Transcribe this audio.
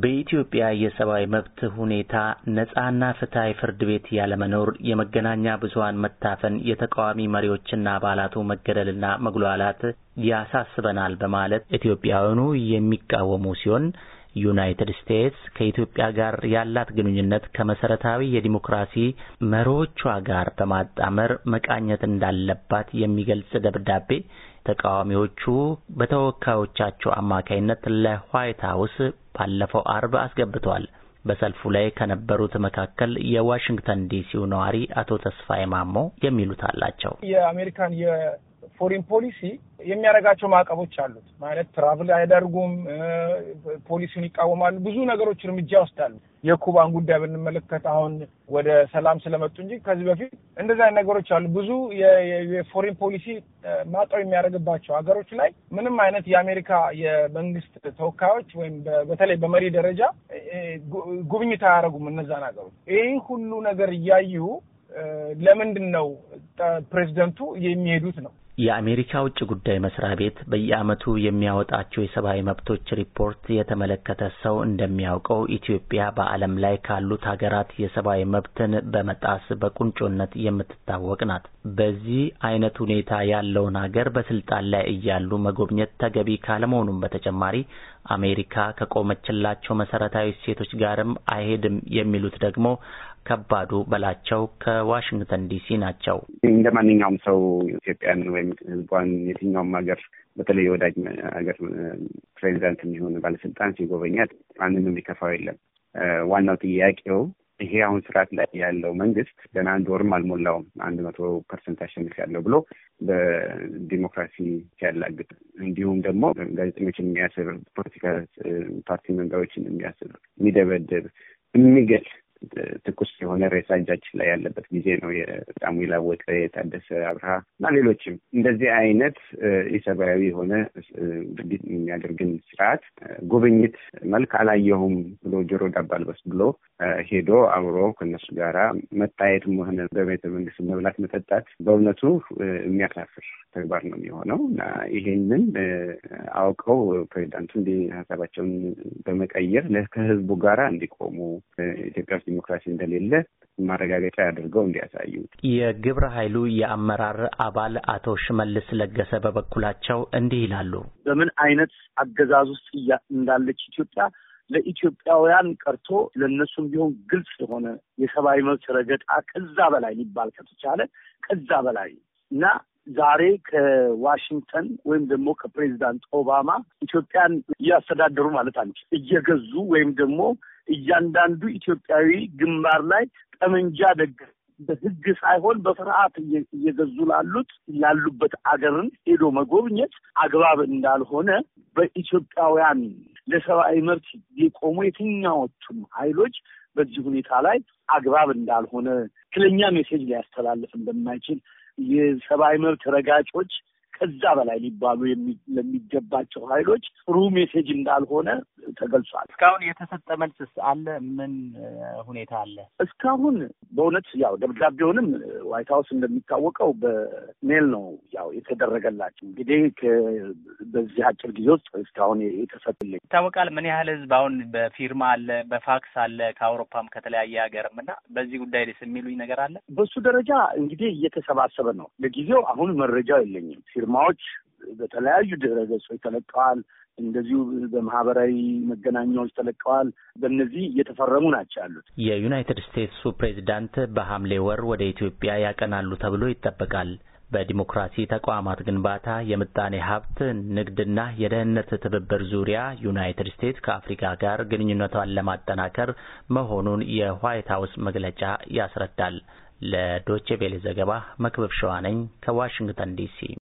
በኢትዮጵያ የሰብአዊ መብት ሁኔታ ነጻና ፍትሐዊ ፍርድ ቤት ያለመኖር፣ የመገናኛ ብዙሃን መታፈን፣ የተቃዋሚ መሪዎችና አባላቱ መገደልና መጉላላት ያሳስበናል በማለት ኢትዮጵያውያኑ የሚቃወሙ ሲሆን ዩናይትድ ስቴትስ ከኢትዮጵያ ጋር ያላት ግንኙነት ከመሰረታዊ የዲሞክራሲ መሪዎቿ ጋር በማጣመር መቃኘት እንዳለባት የሚገልጽ ደብዳቤ ተቃዋሚዎቹ በተወካዮቻቸው አማካይነት ለዋይት ሀውስ ባለፈው አርብ አስገብተዋል። በሰልፉ ላይ ከነበሩት መካከል የዋሽንግተን ዲሲው ነዋሪ አቶ ተስፋዬ ማሞ የሚሉት አላቸው። የአሜሪካን ፎሪን ፖሊሲ የሚያደርጋቸው ማዕቀቦች አሉት። ማለት ትራቭል አያደርጉም፣ ፖሊሲውን ይቃወማሉ፣ ብዙ ነገሮች እርምጃ ይወስዳሉ። የኩባን ጉዳይ ብንመለከት አሁን ወደ ሰላም ስለመጡ እንጂ ከዚህ በፊት እንደዚህ አይነት ነገሮች አሉ። ብዙ የፎሪን ፖሊሲ ማጠው የሚያደርግባቸው ሀገሮች ላይ ምንም አይነት የአሜሪካ የመንግስት ተወካዮች ወይም በተለይ በመሪ ደረጃ ጉብኝት አያደርጉም እነዛን ሀገሮች። ይህ ሁሉ ነገር እያዩ ለምንድን ነው ፕሬዚደንቱ የሚሄዱት ነው? የአሜሪካ ውጭ ጉዳይ መስሪያ ቤት በየዓመቱ የሚያወጣቸው የሰብአዊ መብቶች ሪፖርት የተመለከተ ሰው እንደሚያውቀው ኢትዮጵያ በዓለም ላይ ካሉት ሀገራት የሰብአዊ መብትን በመጣስ በቁንጮነት የምትታወቅ ናት። በዚህ አይነት ሁኔታ ያለውን ሀገር በስልጣን ላይ እያሉ መጎብኘት ተገቢ ካለመሆኑም በተጨማሪ አሜሪካ ከቆመችላቸው መሰረታዊ እሴቶች ጋርም አይሄድም የሚሉት ደግሞ ከባዱ በላቸው ከዋሽንግተን ዲሲ ናቸው። እንደ ማንኛውም ሰው ኢትዮጵያን ወይም ወይም ህዝቧን የትኛውም ሀገር በተለይ ወዳጅ ሀገር ፕሬዚዳንት የሚሆን ባለስልጣን ሲጎበኛት ማንንም ሊከፋው የለም። ዋናው ጥያቄው ይሄ አሁን ስርዓት ላይ ያለው መንግስት ገና አንድ ወርም አልሞላውም አንድ መቶ ፐርሰንት አሸንፍ ያለው ብሎ በዲሞክራሲ ሲያላግጥ፣ እንዲሁም ደግሞ ጋዜጠኞችን የሚያስር ፖለቲካ ፓርቲ መሪዎችን የሚያስር የሚደበድብ የሚገል ትኩስ የሆነ ሬሳ እጃችን ላይ ያለበት ጊዜ ነው። በጣም አወቀ፣ የታደሰ አብርሃ እና ሌሎችም እንደዚህ አይነት ኢሰብአዊ የሆነ ድርጊት የሚያደርግን ስርዓት ጉብኝት መልክ አላየሁም ብሎ ጆሮ ዳባ ልበስ ብሎ ሄዶ አብሮ ከነሱ ጋራ መታየት ሆነ በቤተ መንግስት መብላት መጠጣት በእውነቱ የሚያሳፍር ተግባር ነው የሚሆነው እና ይሄንን አውቀው ፕሬዚዳንቱ እንዲህ ሀሳባቸውን በመቀየር ከህዝቡ ጋራ እንዲቆሙ ኢትዮጵያ ዲሞክራሲ እንደሌለ ማረጋገጫ ያደርገው እንዲያሳዩ። የግብረ ኃይሉ የአመራር አባል አቶ ሽመልስ ለገሰ በበኩላቸው እንዲህ ይላሉ። በምን አይነት አገዛዝ ውስጥ እንዳለች ኢትዮጵያ ለኢትዮጵያውያን ቀርቶ ለእነሱም ቢሆን ግልጽ የሆነ የሰብአዊ መብት ረገጣ ከዛ በላይ ሊባል ከተቻለ ከዛ በላይ እና ዛሬ ከዋሽንግተን ወይም ደግሞ ከፕሬዚዳንት ኦባማ ኢትዮጵያን እያስተዳደሩ ማለት አንችል እየገዙ ወይም ደግሞ እያንዳንዱ ኢትዮጵያዊ ግንባር ላይ ጠመንጃ ደግ በህግ ሳይሆን በፍርሃት እየገዙ ላሉት ያሉበት አገርን ሄዶ መጎብኘት አግባብ እንዳልሆነ በኢትዮጵያውያን ለሰብአዊ መብት የቆሙ የትኛዎቹም ኃይሎች በዚህ ሁኔታ ላይ አግባብ እንዳልሆነ ትክክለኛ ሜሴጅ ሊያስተላልፍ እንደማይችል የሰብአዊ መብት ረጋጮች ከዛ በላይ ሊባሉ ለሚገባቸው ኃይሎች ጥሩ ሜሴጅ እንዳልሆነ ተገልጿል። እስካሁን የተሰጠ መልስስ አለ? ምን ሁኔታ አለ? እስካሁን በእውነት ያው ደብዳቤውንም ዋይት ሀውስ እንደሚታወቀው በሜል ነው ያው የተደረገላቸው። እንግዲህ በዚህ አጭር ጊዜ ውስጥ እስካሁን የተሰጥልኝ ይታወቃል። ምን ያህል ህዝብ አሁን በፊርማ አለ፣ በፋክስ አለ፣ ከአውሮፓም ከተለያየ ሀገርም እና በዚህ ጉዳይ ደስ የሚሉኝ ነገር አለ። በሱ ደረጃ እንግዲህ እየተሰባሰበ ነው። ለጊዜው አሁን መረጃው የለኝም። ግርማዎች በተለያዩ ድረ ገጾች ተለቀዋል። እንደዚሁ በማህበራዊ መገናኛዎች ተለቀዋል። በእነዚህ እየተፈረሙ ናቸው ያሉት። የዩናይትድ ስቴትሱ ፕሬዚዳንት በሐምሌ ወር ወደ ኢትዮጵያ ያቀናሉ ተብሎ ይጠበቃል። በዲሞክራሲ ተቋማት ግንባታ፣ የምጣኔ ሀብት፣ ንግድና የደህንነት ትብብር ዙሪያ ዩናይትድ ስቴትስ ከአፍሪካ ጋር ግንኙነቷን ለማጠናከር መሆኑን የዋይት ሀውስ መግለጫ ያስረዳል። ለዶቼ ቬሌ ዘገባ መክበብ ሸዋ ነኝ ከዋሽንግተን ዲሲ